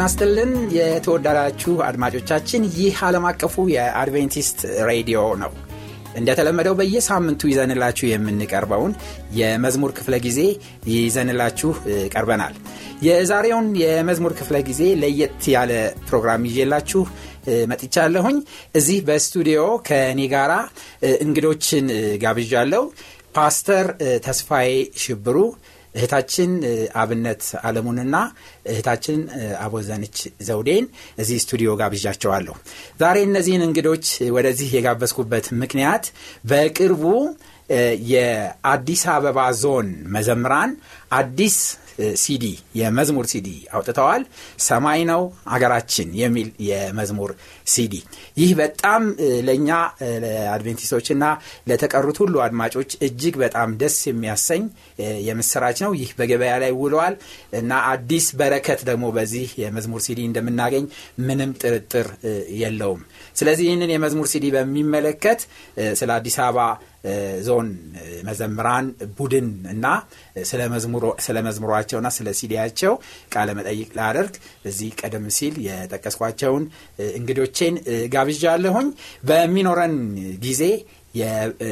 ጤና ስትልን የተወደዳችሁ አድማጮቻችን፣ ይህ ዓለም አቀፉ የአድቬንቲስት ሬዲዮ ነው። እንደተለመደው በየሳምንቱ ይዘንላችሁ የምንቀርበውን የመዝሙር ክፍለ ጊዜ ይዘንላችሁ ቀርበናል። የዛሬውን የመዝሙር ክፍለ ጊዜ ለየት ያለ ፕሮግራም ይዤላችሁ መጥቻለሁኝ። እዚህ በስቱዲዮ ከእኔ ጋር እንግዶችን ጋብዣለሁ። ፓስተር ተስፋዬ ሽብሩ እህታችን አብነት አለሙንና እህታችን አቦዘነች ዘውዴን እዚህ ስቱዲዮ ጋብዣቸዋለሁ። ዛሬ እነዚህን እንግዶች ወደዚህ የጋበዝኩበት ምክንያት በቅርቡ የአዲስ አበባ ዞን መዘምራን አዲስ ሲዲ የመዝሙር ሲዲ አውጥተዋል። ሰማይ ነው አገራችን የሚል የመዝሙር ሲዲ። ይህ በጣም ለእኛ ለአድቬንቲስቶችና ለተቀሩት ሁሉ አድማጮች እጅግ በጣም ደስ የሚያሰኝ የምስራች ነው። ይህ በገበያ ላይ ውለዋል እና አዲስ በረከት ደግሞ በዚህ የመዝሙር ሲዲ እንደምናገኝ ምንም ጥርጥር የለውም። ስለዚህ ይህንን የመዝሙር ሲዲ በሚመለከት ስለ አዲስ አበባ ዞን መዘምራን ቡድን እና ስለ ና ስለ ሲዲያቸው ቃለ መጠይቅ ላደርግ እዚህ ቀደም ሲል የጠቀስኳቸውን እንግዶቼን አለሁኝ በሚኖረን ጊዜ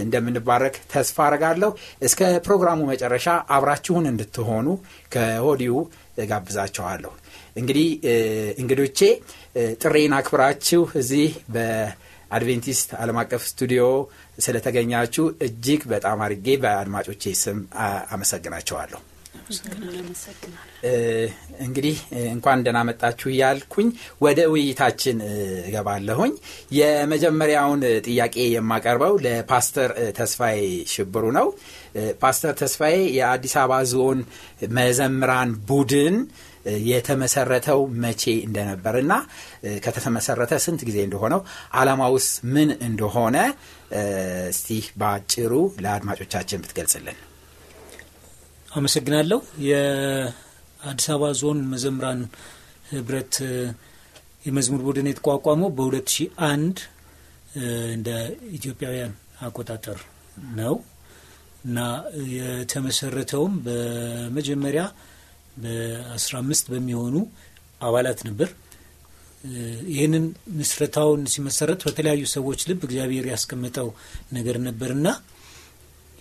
እንደምንባረክ ተስፋ አረጋለሁ። እስከ ፕሮግራሙ መጨረሻ አብራችሁን እንድትሆኑ ከሆዲው ጋብዛችኋለሁ። እንግዲህ እንግዶቼ ጥሬን አክብራችሁ እዚህ በአድቬንቲስት ዓለም አቀፍ ስቱዲዮ ስለተገኛችሁ እጅግ በጣም አድርጌ በአድማጮቼ ስም አመሰግናቸዋለሁ። እንግዲህ እንኳን ደህና መጣችሁ እያልኩኝ ወደ ውይይታችን እገባለሁኝ። የመጀመሪያውን ጥያቄ የማቀርበው ለፓስተር ተስፋዬ ሽብሩ ነው። ፓስተር ተስፋዬ የአዲስ አበባ ዞን መዘምራን ቡድን የተመሰረተው መቼ እንደነበር እና ከተመሰረተ ስንት ጊዜ እንደሆነው አላማውስ ምን እንደሆነ እስቲ በአጭሩ ለአድማጮቻችን ብትገልጽልን። አመሰግናለሁ። የአዲስ አበባ ዞን መዘምራን ህብረት የመዝሙር ቡድን የተቋቋመው በ2001 እንደ ኢትዮጵያውያን አቆጣጠር ነው እና የተመሰረተውም በመጀመሪያ በአስራ አምስት በሚሆኑ አባላት ነበር። ይህንን ምስረታውን ሲመሰረት በተለያዩ ሰዎች ልብ እግዚአብሔር ያስቀመጠው ነገር ነበርና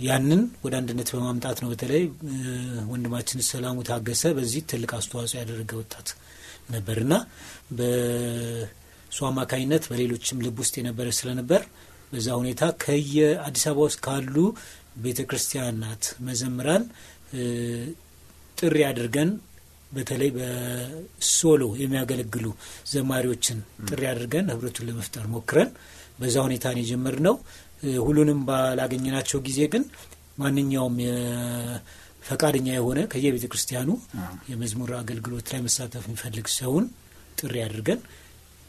ያንን ወደ አንድነት በማምጣት ነው። በተለይ ወንድማችን ሰላሙ ታገሰ በዚህ ትልቅ አስተዋጽኦ ያደረገ ወጣት ነበርና በእሱ አማካኝነት በሌሎችም ልብ ውስጥ የነበረ ስለነበር በዛ ሁኔታ ከየ አዲስ አበባ ውስጥ ካሉ ቤተ ክርስቲያናት መዘምራን ጥሪ አድርገን በተለይ በሶሎ የሚያገለግሉ ዘማሪዎችን ጥሪ አድርገን ህብረቱን ለመፍጠር ሞክረን በዛ ሁኔታ ነው የጀመርነው። ሁሉንም ባላገኘናቸው ጊዜ ግን ማንኛውም ፈቃደኛ የሆነ ከየቤተ ክርስቲያኑ የመዝሙር አገልግሎት ላይ መሳተፍ የሚፈልግ ሰውን ጥሪ አድርገን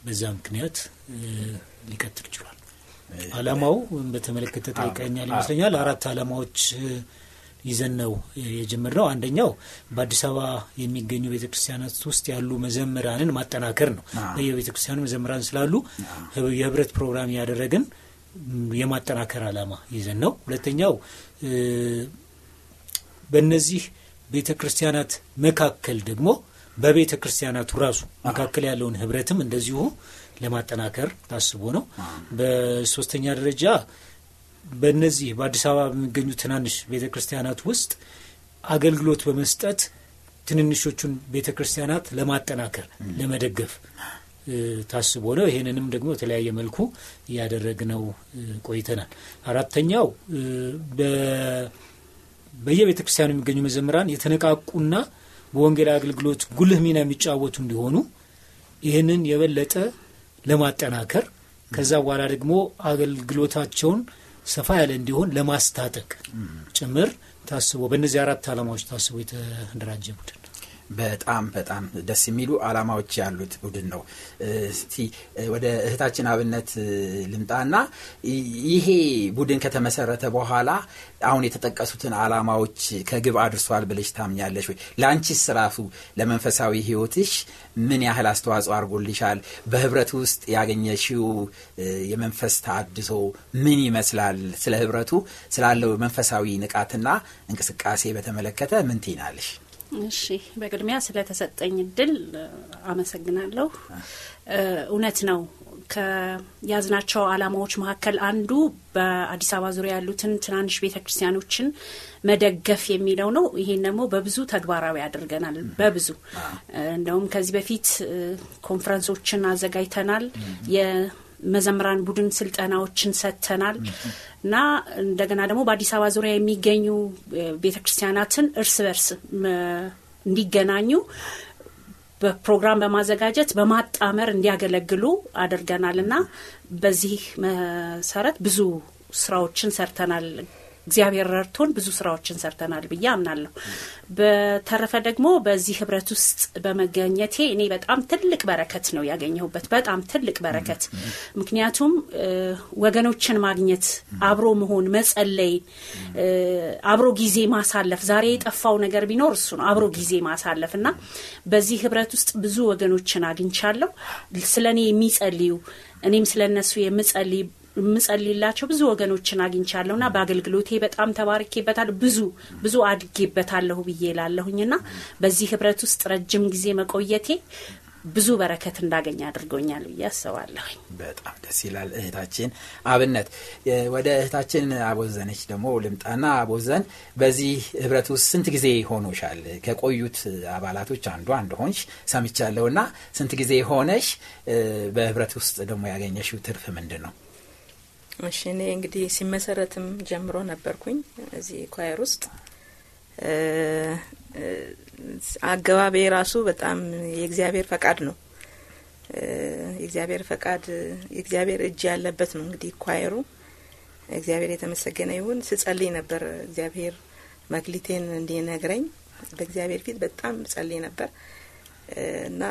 በዛ ምክንያት ሊቀጥል ችሏል። አላማው በተመለከተ ጠይቀኛል ይመስለኛል። አራት አላማዎች ይዘን ነው የጀመርነው። አንደኛው በአዲስ አበባ የሚገኙ ቤተክርስቲያናት ውስጥ ያሉ መዘምራንን ማጠናከር ነው። የቤተክርስቲያኑ መዘምራን ስላሉ የህብረት ፕሮግራም ያደረግን የማጠናከር አላማ ይዘን ነው። ሁለተኛው በእነዚህ ቤተ ክርስቲያናት መካከል ደግሞ በቤተ ክርስቲያናቱ ራሱ መካከል ያለውን ህብረትም እንደዚሁ ለማጠናከር ታስቦ ነው። በሶስተኛ ደረጃ በእነዚህ በአዲስ አበባ በሚገኙ ትናንሽ ቤተ ክርስቲያናት ውስጥ አገልግሎት በመስጠት ትንንሾቹን ቤተ ክርስቲያናት ለማጠናከር ለመደገፍ ታስቦ ነው። ይህንንም ደግሞ በተለያየ መልኩ እያደረግነው ቆይተናል። አራተኛው በየቤተ ክርስቲያኑ የሚገኙ መዘምራን የተነቃቁና በወንጌል አገልግሎት ጉልህ ሚና የሚጫወቱ እንዲሆኑ ይህንን የበለጠ ለማጠናከር ከዛ በኋላ ደግሞ አገልግሎታቸውን ሰፋ ያለ እንዲሆን ለማስታጠቅ ጭምር ታስቦ በእነዚህ አራት ዓላማዎች ታስቦ የተደራጀ ቡድን በጣም በጣም ደስ የሚሉ አላማዎች ያሉት ቡድን ነው። እስቲ ወደ እህታችን አብነት ልምጣና ይሄ ቡድን ከተመሰረተ በኋላ አሁን የተጠቀሱትን አላማዎች ከግብ አድርሷል ብለሽ ታምኛለሽ ወይ? ለአንቺስ ስራቱ ለመንፈሳዊ ህይወትሽ ምን ያህል አስተዋጽኦ አድርጎልሻል? በህብረቱ ውስጥ ያገኘሽው የመንፈስ ታድሶ ምን ይመስላል? ስለ ህብረቱ ስላለው መንፈሳዊ ንቃትና እንቅስቃሴ በተመለከተ ምን ትይናለሽ? እሺ በቅድሚያ ስለተሰጠኝ እድል አመሰግናለሁ። እውነት ነው ከያዝናቸው አላማዎች መካከል አንዱ በአዲስ አበባ ዙሪያ ያሉትን ትናንሽ ቤተ ክርስቲያኖችን መደገፍ የሚለው ነው። ይሄን ደግሞ በብዙ ተግባራዊ አድርገናል። በብዙ እንደውም ከዚህ በፊት ኮንፈረንሶችን አዘጋጅተናል። መዘምራን ቡድን ስልጠናዎችን ሰጥተናል እና እንደገና ደግሞ በአዲስ አበባ ዙሪያ የሚገኙ ቤተ ክርስቲያናትን እርስ በርስ እንዲገናኙ በፕሮግራም በማዘጋጀት በማጣመር እንዲያገለግሉ አድርገናል እና በዚህ መሰረት ብዙ ስራዎችን ሰርተናል። እግዚአብሔር ረድቶን ብዙ ስራዎችን ሰርተናል ብዬ አምናለሁ። በተረፈ ደግሞ በዚህ ህብረት ውስጥ በመገኘቴ እኔ በጣም ትልቅ በረከት ነው ያገኘሁበት፣ በጣም ትልቅ በረከት። ምክንያቱም ወገኖችን ማግኘት፣ አብሮ መሆን፣ መጸለይ፣ አብሮ ጊዜ ማሳለፍ፣ ዛሬ የጠፋው ነገር ቢኖር እሱ ነው፣ አብሮ ጊዜ ማሳለፍ እና በዚህ ህብረት ውስጥ ብዙ ወገኖችን አግኝቻለሁ። ስለ እኔ የሚጸልዩ እኔም ስለ እነሱ የምጸልይ የምጸልይላቸው ብዙ ወገኖችን አግኝቻለሁ ና በአገልግሎቴ በጣም ተባርኬበታል ብዙ ብዙ አድጌበታለሁ ብዬ ላለሁኝ ና በዚህ ህብረት ውስጥ ረጅም ጊዜ መቆየቴ ብዙ በረከት እንዳገኝ አድርጎኛል ብዬ አስባለሁኝ። በጣም ደስ ይላል። እህታችን አብነት ወደ እህታችን አቦዘነች ደግሞ ልምጣና አቦዘን፣ በዚህ ህብረት ውስጥ ስንት ጊዜ ሆኖሻል? ከቆዩት አባላቶች አንዷ እንደሆንሽ ሰምቻለሁና ስንት ጊዜ ሆነሽ? በህብረት ውስጥ ደግሞ ያገኘሽው ትርፍ ምንድን ነው? እሺ እኔ እንግዲህ ሲመሰረትም ጀምሮ ነበርኩኝ እዚህ ኳየር ውስጥ አገባቤ ራሱ በጣም የእግዚአብሔር ፈቃድ ነው። የእግዚአብሔር ፈቃድ የእግዚአብሔር እጅ ያለበት ነው። እንግዲህ ኳየሩ እግዚአብሔር የተመሰገነ ይሁን። ስጸልይ ነበር እግዚአብሔር መክሊቴን እንዲነግረኝ በእግዚአብሔር ፊት በጣም ጸልይ ነበር እና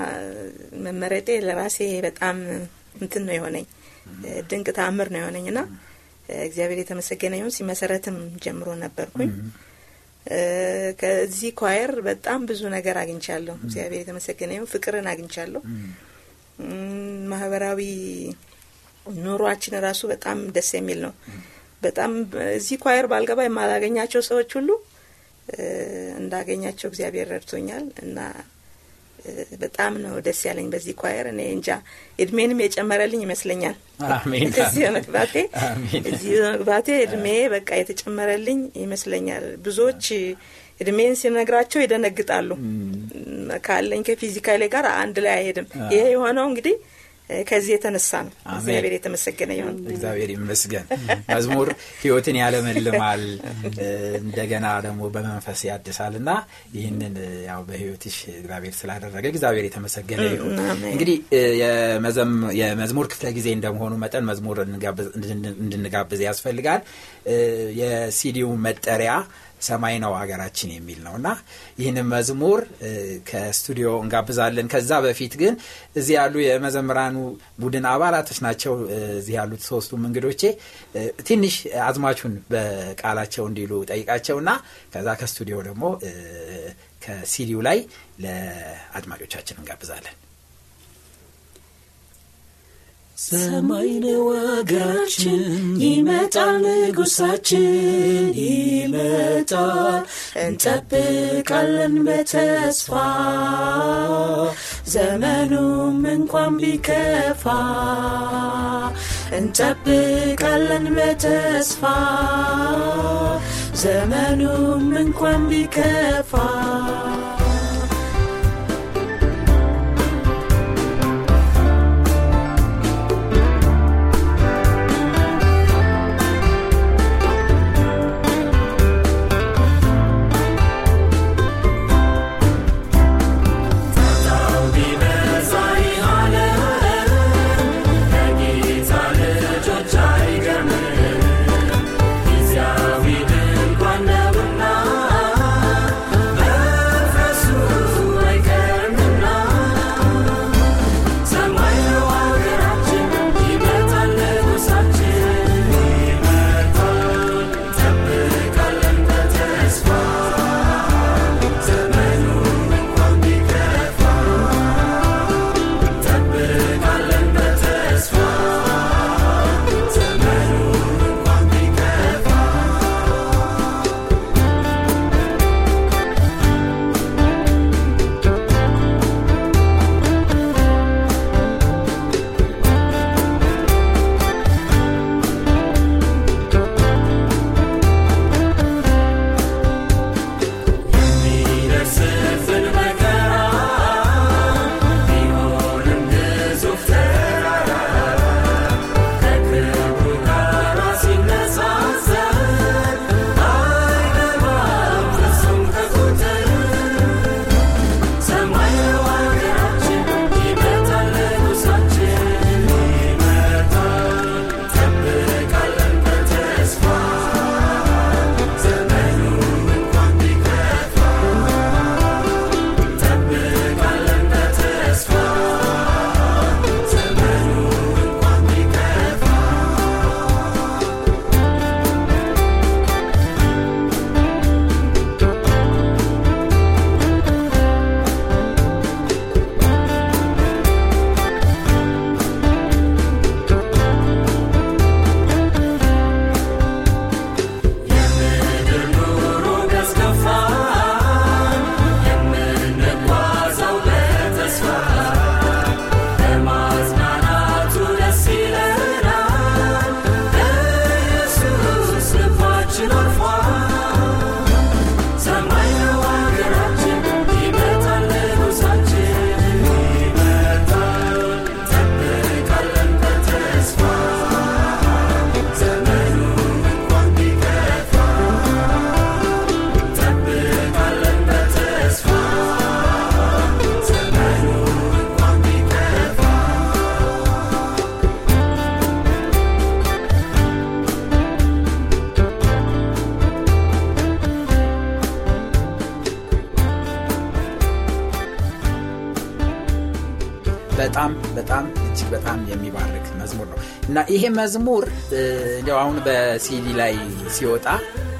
መመረጤ ለራሴ በጣም እንትን ነው የሆነኝ ድንቅ ተአምር ነው የሆነኝ ና እግዚአብሔር የተመሰገነ ይሁን። ሲመሰረትም ጀምሮ ነበርኩኝ። ከዚህ ኳየር በጣም ብዙ ነገር አግኝቻለሁ። እግዚአብሔር የተመሰገነ ይሁን። ፍቅርን አግኝቻለሁ። ማህበራዊ ኑሯችን ራሱ በጣም ደስ የሚል ነው። በጣም እዚህ ኳየር ባልገባ የማላገኛቸው ሰዎች ሁሉ እንዳገኛቸው እግዚአብሔር ረድቶኛል እና በጣም ነው ደስ ያለኝ በዚህ ኳየር። እኔ እንጃ እድሜንም የጨመረልኝ ይመስለኛል። እዚህ መግባቴ እዚህ መግባቴ እድሜ በቃ የተጨመረልኝ ይመስለኛል። ብዙዎች እድሜን ሲነግራቸው ይደነግጣሉ። ካለኝ ከፊዚካሌ ጋር አንድ ላይ አይሄድም። ይሄ የሆነው እንግዲህ ከዚህ የተነሳ ነው። እግዚአብሔር የተመሰገነ ይሆን እግዚአብሔር ይመስገን። መዝሙር ህይወትን ያለመልማል፣ እንደገና ደግሞ በመንፈስ ያድሳል እና ይህንን ያው በህይወትሽ እግዚአብሔር ስላደረገ እግዚአብሔር የተመሰገነ ይሁን። እንግዲህ የመዝሙር ክፍለ ጊዜ እንደመሆኑ መጠን መዝሙር እንድንጋብዝ ያስፈልጋል። የሲዲው መጠሪያ ሰማይ ነው ሀገራችን የሚል ነው እና ይህን መዝሙር ከስቱዲዮ እንጋብዛለን። ከዛ በፊት ግን እዚህ ያሉ የመዘምራኑ ቡድን አባላቶች ናቸው። እዚህ ያሉት ሶስቱም እንግዶቼ ትንሽ አዝማቹን በቃላቸው እንዲሉ ጠይቃቸው እና ከዛ ከስቱዲዮ ደግሞ ከሲዲው ላይ ለአድማጮቻችን እንጋብዛለን። ሰማይ ነው አገራችን፣ ይመጣል ንጉሳችን፣ ይመጣል እንጠብቃለን በተስፋ ዘመኑም እንኳን ቢከፋ እንጠብቃለን በተስፋ ዘመኑም እንኳን ቢከፋ እና ይሄ መዝሙር እንዲያው አሁን በሲዲ ላይ ሲወጣ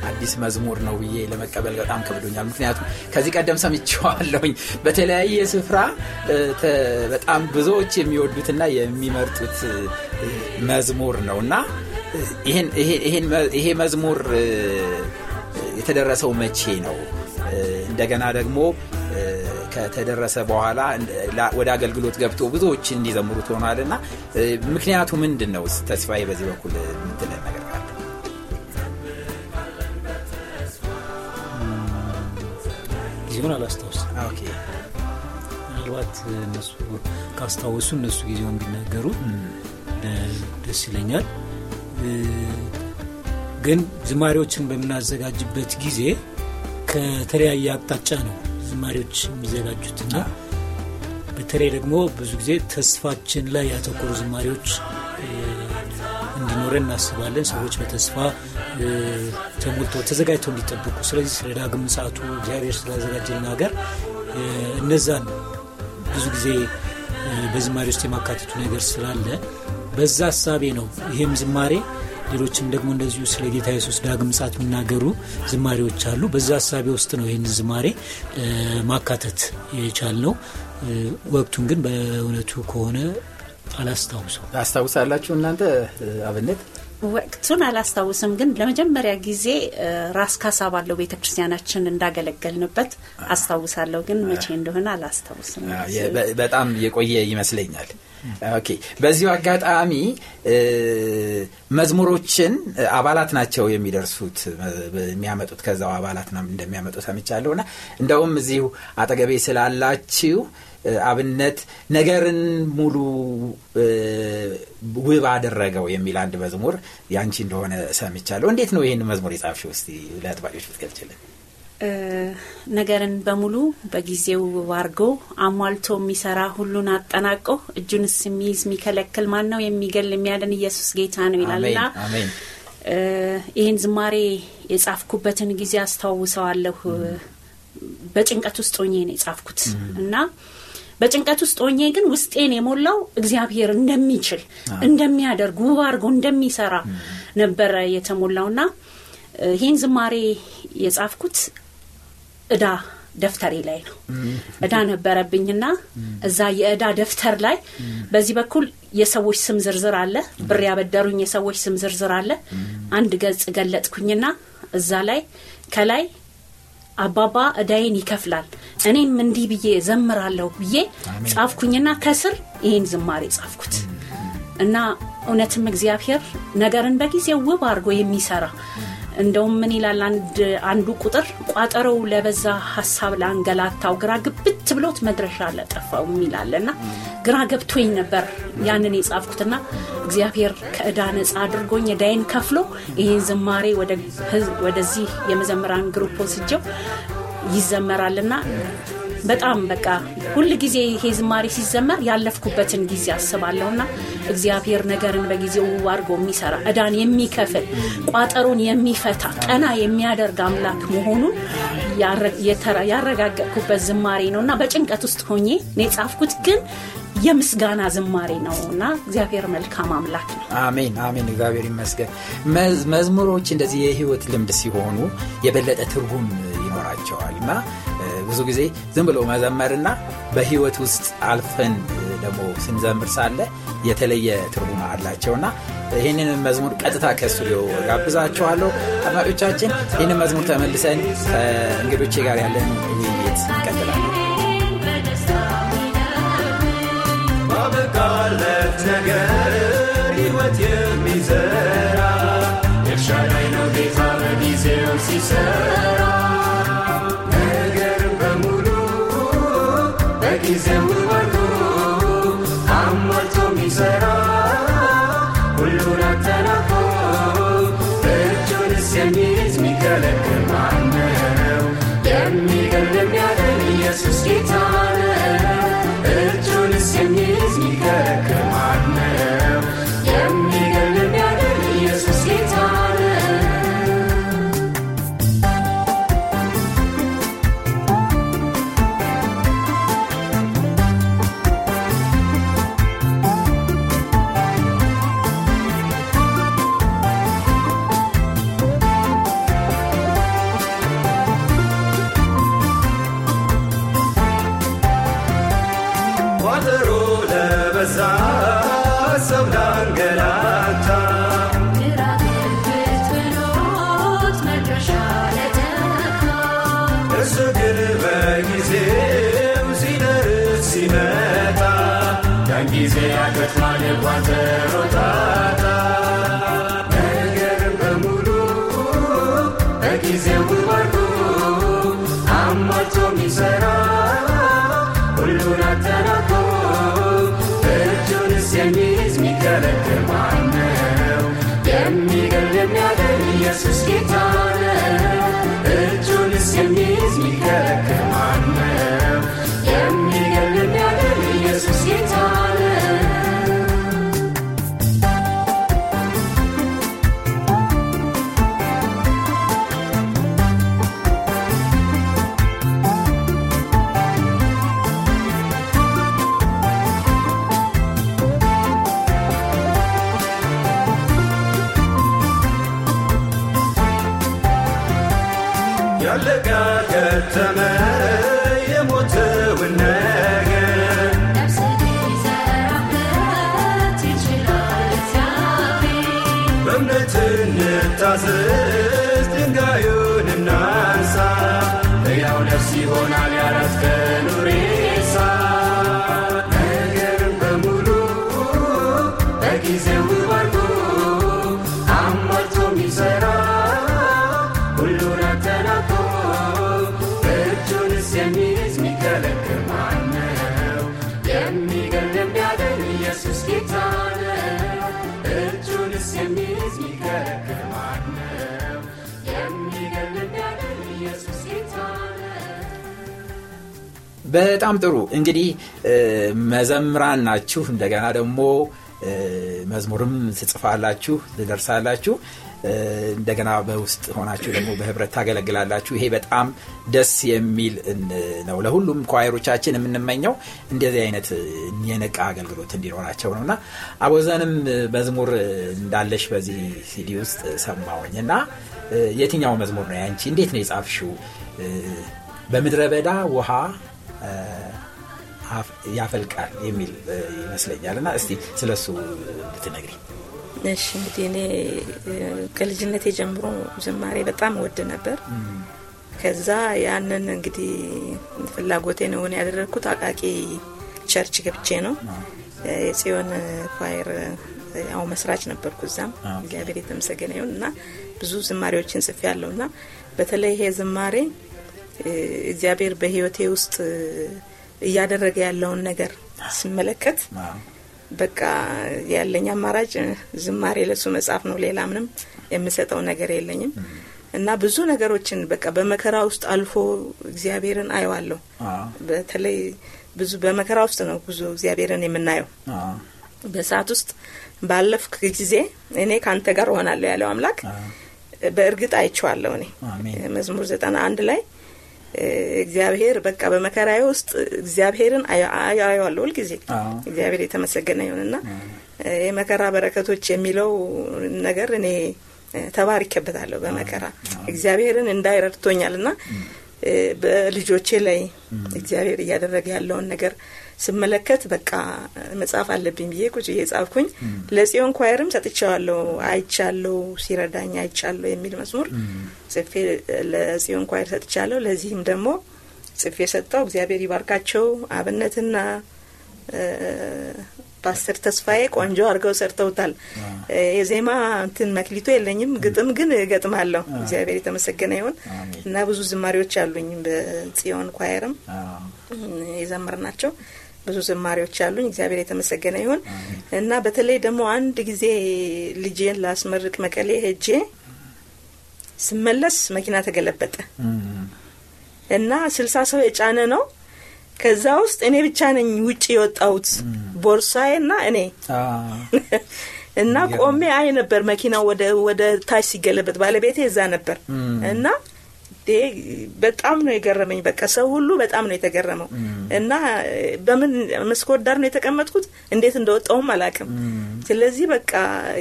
አዲስ መዝሙር ነው ብዬ ለመቀበል በጣም ከብዶኛል። ምክንያቱም ከዚህ ቀደም ሰምቸዋለሁኝ በተለያየ ስፍራ በጣም ብዙዎች የሚወዱትና የሚመርጡት መዝሙር ነው እና ይሄ መዝሙር የተደረሰው መቼ ነው? እንደገና ደግሞ ከተደረሰ በኋላ ወደ አገልግሎት ገብቶ ብዙዎች እንዲዘምሩ ትሆናል እና ምክንያቱ ምንድን ነው? ተስፋዬ በዚህ በኩል የምትለን ነገር ካለ ጊዜውን አላስታውስ ምናልባት እነሱ ካስታወሱ እነሱ ጊዜውን ቢናገሩ ደስ ይለኛል። ግን ዝማሪዎችን በምናዘጋጅበት ጊዜ ከተለያየ አቅጣጫ ነው ዝማሪዎች እና በተለይ ደግሞ ብዙ ጊዜ ተስፋችን ላይ ያተኮሩ ዝማሪዎች እንዲኖረን እናስባለን። ሰዎች በተስፋ ተሞልተው ተዘጋጅተው እንዲጠብቁ። ስለዚህ ስለ ዳግም ምጽአቱ እግዚአብሔር ስላዘጋጀልን ሀገር እነዛን ብዙ ጊዜ በዝማሬ ውስጥ የማካተቱ ነገር ስላለ በዛ ሀሳቤ ነው ይህም ዝማሬ ሌሎችም ደግሞ እንደዚሁ ስለ ጌታ የሱስ ዳግም ጻት የሚናገሩ ዝማሬዎች አሉ። በዛ ሀሳቤ ውስጥ ነው ይህን ዝማሬ ማካተት የቻል ነው። ወቅቱን ግን በእውነቱ ከሆነ አላስታውሰው። አስታውሳላችሁ እናንተ አብነት ወቅቱን አላስታውስም፣ ግን ለመጀመሪያ ጊዜ ራስ ካሳ ባለው ቤተ ክርስቲያናችን እንዳገለገልንበት አስታውሳለሁ፣ ግን መቼ እንደሆነ አላስታውስም። በጣም የቆየ ይመስለኛል። ኦኬ። በዚሁ አጋጣሚ መዝሙሮችን አባላት ናቸው የሚደርሱት የሚያመጡት ከዛው አባላት እንደሚያመጡ ሰምቻለሁ። እና እንደውም እዚሁ አጠገቤ ስላላችሁ አብነት ነገርን ሙሉ ውብ አደረገው የሚል አንድ መዝሙር ያንቺ እንደሆነ ሰምቻለሁ። እንዴት ነው ይህን መዝሙር የጻፍሽው? ውስጥ ለአጥባቂዎች ብትገልጭልን። ነገርን በሙሉ በጊዜው ዋርጎ አሟልቶ የሚሰራ ሁሉን አጠናቆ እጁንስ የሚይዝ የሚከለክል ማን ነው? የሚገል የሚያደን ኢየሱስ ጌታ ነው ይላልና ይህን ዝማሬ የጻፍኩበትን ጊዜ አስታውሰዋለሁ። በጭንቀት ውስጥ ሆኜ ነው የጻፍኩት እና በጭንቀት ውስጥ ሆኜ ግን ውስጤን የሞላው እግዚአብሔር እንደሚችል እንደሚያደርግ ውብ አድርጎ እንደሚሰራ ነበረ የተሞላው ና ይህን ዝማሬ የጻፍኩት እዳ ደፍተሬ ላይ ነው። እዳ ነበረብኝና እዛ የእዳ ደብተር ላይ በዚህ በኩል የሰዎች ስም ዝርዝር አለ፣ ብር ያበደሩኝ የሰዎች ስም ዝርዝር አለ። አንድ ገጽ ገለጥኩኝና እዛ ላይ ከላይ አባባ እዳዬን ይከፍላል እኔም እንዲህ ብዬ ዘምራለሁ ብዬ ጻፍኩኝና ከስር ይህን ዝማሬ ጻፍኩት እና እውነትም እግዚአብሔር ነገርን በጊዜው ውብ አድርጎ የሚሰራ እንደውም ምን ይላል አንድ አንዱ ቁጥር ቋጠረው ለበዛ ሀሳብ ለአንገላታው ግራ ግብት ብሎት መድረሻ ለጠፋው የሚላል እና ግራ ገብቶኝ ነበር ያንን የጻፍኩትና እግዚአብሔር ከእዳ ነጻ አድርጎኝ ዳይን ከፍሎ ይህን ዝማሬ ወደዚህ የመዘምራን ግሩፕ ወስጀው ይዘመራልና በጣም በቃ ሁል ጊዜ ይሄ ዝማሬ ሲዘመር ያለፍኩበትን ጊዜ ና እግዚአብሔር ነገርን በጊዜው አድርጎ የሚሰራ እዳን የሚከፍል ቋጠሮን የሚፈታ ቀና የሚያደርግ አምላክ መሆኑን ያረጋገጥኩበት ዝማሬ ነው እና በጭንቀት ውስጥ ሆኜ ነው የጻፍኩት ግን የምስጋና ዝማሬ ነው እና እግዚአብሔር መልካም አምላክ ነው አሜን አሜን እግዚአብሔር ይመስገን መዝሙሮች እንደዚህ የህይወት ልምድ ሲሆኑ የበለጠ ትርጉም ይኖራቸዋል እና ብዙ ጊዜ ዝም ብሎ መዘመርና በህይወት ውስጥ አልፈን ደግሞ ስንዘምር ሳለ የተለየ ትርጉም አላቸውና ይህንን መዝሙር ቀጥታ ከስቱዲዮ ጋብዛችኋለሁ። አድማጮቻችን ይህንን መዝሙር ተመልሰን ከእንግዶቼ ጋር ያለን ውይይት እንቀጥላለን። ነገር ህይወት የሚዘራ የሻላይ ነው ጌታ በጊዜው ሲሰራ በጣም ጥሩ እንግዲህ መዘምራን ናችሁ። እንደገና ደግሞ መዝሙርም ትጽፋላችሁ፣ ትደርሳላችሁ። እንደገና በውስጥ ሆናችሁ ደግሞ በህብረት ታገለግላላችሁ። ይሄ በጣም ደስ የሚል ነው። ለሁሉም ኳይሮቻችን የምንመኘው እንደዚህ አይነት የነቃ አገልግሎት እንዲኖራቸው ነው እና አቦዘንም መዝሙር እንዳለሽ በዚህ ሲዲ ውስጥ ሰማሁኝ እና የትኛው መዝሙር ነው ያንቺ? እንዴት ነው የጻፍሽው? በምድረ በዳ ውሃ ያፈልቃል የሚል ይመስለኛል። እና እስቲ ስለ እሱ ብትነግሪ። እሺ እንግዲህ እኔ ከልጅነት የጀምሮ ዝማሬ በጣም ወድ ነበር። ከዛ ያንን እንግዲህ ፍላጎቴን እውን ያደረግኩት አቃቂ ቸርች ገብቼ ነው። የጽዮን ኳይር ያው መስራች ነበርኩ። እዛም እግዚአብሔር የተመሰገነ ይሁን እና ብዙ ዝማሬዎችን ጽፌ ያለው እና በተለይ ይሄ ዝማሬ እግዚአብሔር በህይወቴ ውስጥ እያደረገ ያለውን ነገር ስመለከት በቃ ያለኝ አማራጭ ዝማሬ ለሱ መጽሐፍ ነው። ሌላ ምንም የምሰጠው ነገር የለኝም እና ብዙ ነገሮችን በቃ በመከራ ውስጥ አልፎ እግዚአብሔርን አየዋለሁ። በተለይ ብዙ በመከራ ውስጥ ነው ብዙ እግዚአብሔርን የምናየው። በሰዓት ውስጥ ባለፍክ ጊዜ እኔ ከአንተ ጋር እሆናለሁ ያለው አምላክ በእርግጥ አይቼዋለሁ። እኔ መዝሙር ዘጠና አንድ ላይ እግዚአብሔር በቃ በመከራዬ ውስጥ እግዚአብሔርን አየዋለሁ ሁልጊዜ። እግዚአብሔር የተመሰገነ ይሁንና የመከራ በረከቶች የሚለው ነገር እኔ ተባርኬበታለሁ። በመከራ እግዚአብሔርን እንዳይረድቶኛል ና በልጆቼ ላይ እግዚአብሔር እያደረገ ያለውን ነገር ስመለከት በቃ መጽሐፍ አለብኝ ብዬ ቁጭ እየጻፍኩኝ ለጽዮን ኳየርም ሰጥቼዋለሁ። አይቻለሁ ሲረዳኝ አይቻለሁ የሚል መዝሙር ጽፌ ለጽዮን ኳየር ሰጥቻለሁ። ለዚህም ደግሞ ጽፌ ሰጠው። እግዚአብሔር ይባርካቸው አብነትና ፓስተር ተስፋዬ ቆንጆ አድርገው ሰርተውታል። የዜማ እንትን መክሊቶ የለኝም፣ ግጥም ግን እገጥማለሁ። እግዚአብሔር የተመሰገነ ይሆን እና ብዙ ዝማሪዎች አሉኝ በጽዮን ኳየርም የዘመር ናቸው። ብዙ ዝማሬዎች አሉኝ። እግዚአብሔር የተመሰገነ ይሁን እና በተለይ ደግሞ አንድ ጊዜ ልጄን ላስመርቅ መቀሌ ሄጄ ስመለስ መኪና ተገለበጠ እና ስልሳ ሰው የጫነ ነው። ከዛ ውስጥ እኔ ብቻ ነኝ ውጭ የወጣሁት ቦርሳዬ እና እኔ እና ቆሜ አይ ነበር መኪናው ወደ ታች ሲገለበጥ ባለቤቴ እዛ ነበር እና በጣም ነው የገረመኝ። በቃ ሰው ሁሉ በጣም ነው የተገረመው እና በምን መስኮት ዳር ነው የተቀመጥኩት፣ እንዴት እንደወጣውም አላቅም ስለዚህ በቃ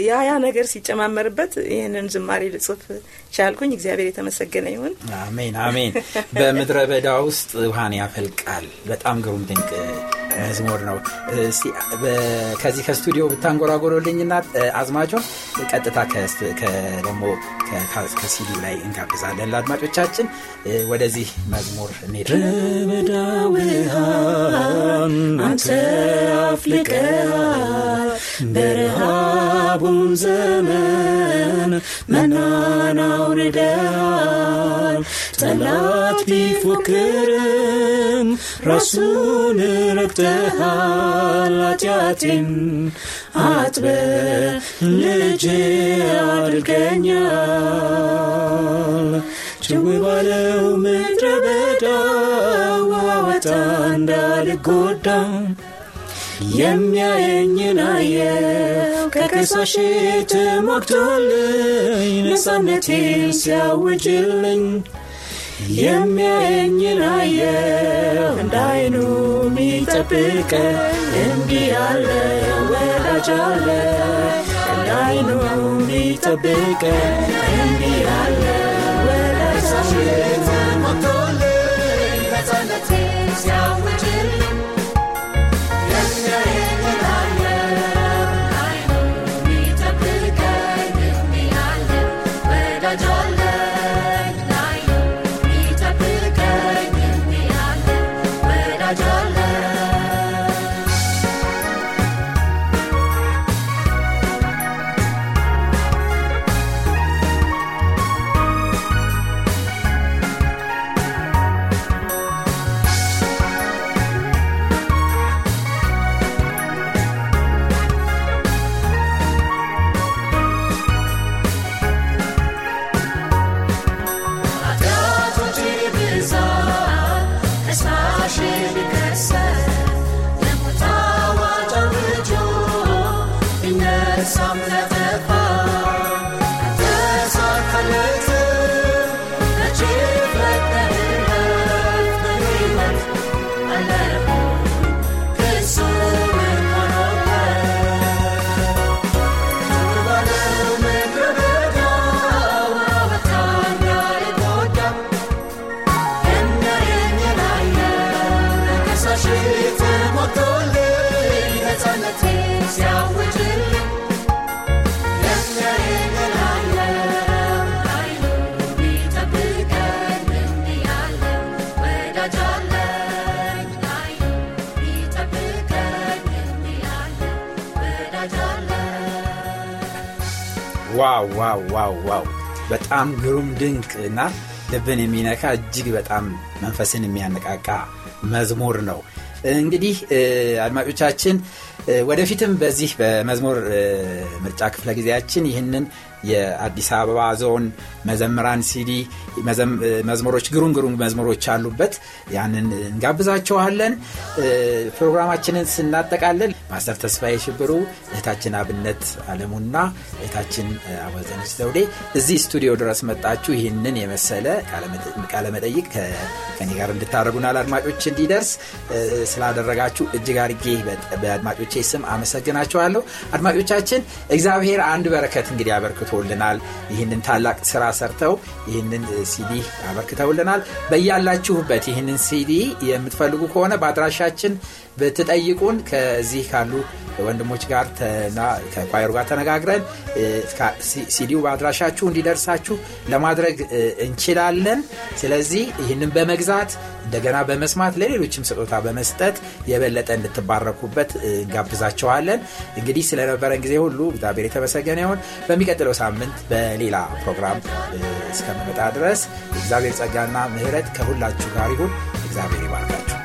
ያ ያ ነገር ሲጨማመርበት ይህንን ዝማሬ ልጽፍ ቻልኩኝ። እግዚአብሔር የተመሰገነ ይሁን። አሜን አሜን። በምድረ በዳ ውስጥ ውሃን ያፈልቃል። በጣም ግሩም ድንቅ መዝሙር ነው። ከዚህ ከስቱዲዮ ብታንጎራጎሮልኝና አዝማጆን ቀጥታ ደግሞ ከሲዲ ላይ እንጋብዛለን። ለአድማጮቻችን ወደዚህ መዝሙር እንሄዳለን። አንተ አፍልቀ በረሃ የራቡን ዘመን መናን አውርደዋል። ጠላት ቢፎክርም ራሱን ረግጠሃል። ኃጢአቴን አጥበ ልጅ አድርገኛል። ጭው ባለው ምድረ በዳ ዋወጣ እንዳልጎዳ የሚያየኝን አየ ከከሳሽት ሞክቶልኝ ነፃነቴን ሲያውጅልኝ የሚያየኝን አየሁ እንዳይኑ ሚጠብቀ እንዲህ ያለ ወዳጅ አለ እንዳይኑ ሚጠብቀ እንዲህ ያለ ወዳጅ ሳሽት ሞክቶልኝ ነፃነቴን ሲያውጅ ዋው ዋው ዋው ዋው! በጣም ግሩም ድንቅ እና ልብን የሚነካ እጅግ በጣም መንፈስን የሚያነቃቃ መዝሙር ነው። እንግዲህ አድማጮቻችን ወደፊትም በዚህ በመዝሙር ምርጫ ክፍለ ጊዜያችን ይህንን የአዲስ አበባ ዞን መዘምራን ሲዲ መዝሙሮች ግሩም ግሩም መዝሙሮች አሉበት። ያንን እንጋብዛችኋለን። ፕሮግራማችንን ስናጠቃለን ማስተር ተስፋዬ ሽብሩ፣ እህታችን አብነት አለሙና እህታችን አወዘነች ዘውዴ እዚህ ስቱዲዮ ድረስ መጣችሁ ይህንን የመሰለ ቃለመጠይቅ ከኔ ጋር እንድታደርጉና ለአድማጮች እንዲደርስ ስላደረጋችሁ እጅግ አርጌ በአድማጮቼ ስም አመሰግናችኋለሁ። አድማጮቻችን እግዚአብሔር አንድ በረከት እንግዲህ አበርክቱ አበርክቶልናል። ይህንን ታላቅ ስራ ሰርተው ይህንን ሲዲ አበርክተውልናል። በያላችሁበት ይህንን ሲዲ የምትፈልጉ ከሆነ በአድራሻችን ብትጠይቁን ከዚህ ካሉ ወንድሞች ጋር ከኳየሩ ጋር ተነጋግረን ሲዲው በአድራሻችሁ እንዲደርሳችሁ ለማድረግ እንችላለን። ስለዚህ ይህንን በመግዛት እንደገና በመስማት ለሌሎችም ስጦታ በመስጠት የበለጠ እንድትባረኩበት እንጋብዛቸዋለን። እንግዲህ ስለነበረን ጊዜ ሁሉ እግዚአብሔር የተመሰገነ ይሆን በሚቀጥለው ሳምንት በሌላ ፕሮግራም እስከምመጣ ድረስ እግዚአብሔር ጸጋና ምህረት ከሁላችሁ ጋር ይሁን። እግዚአብሔር ይባርካችሁ።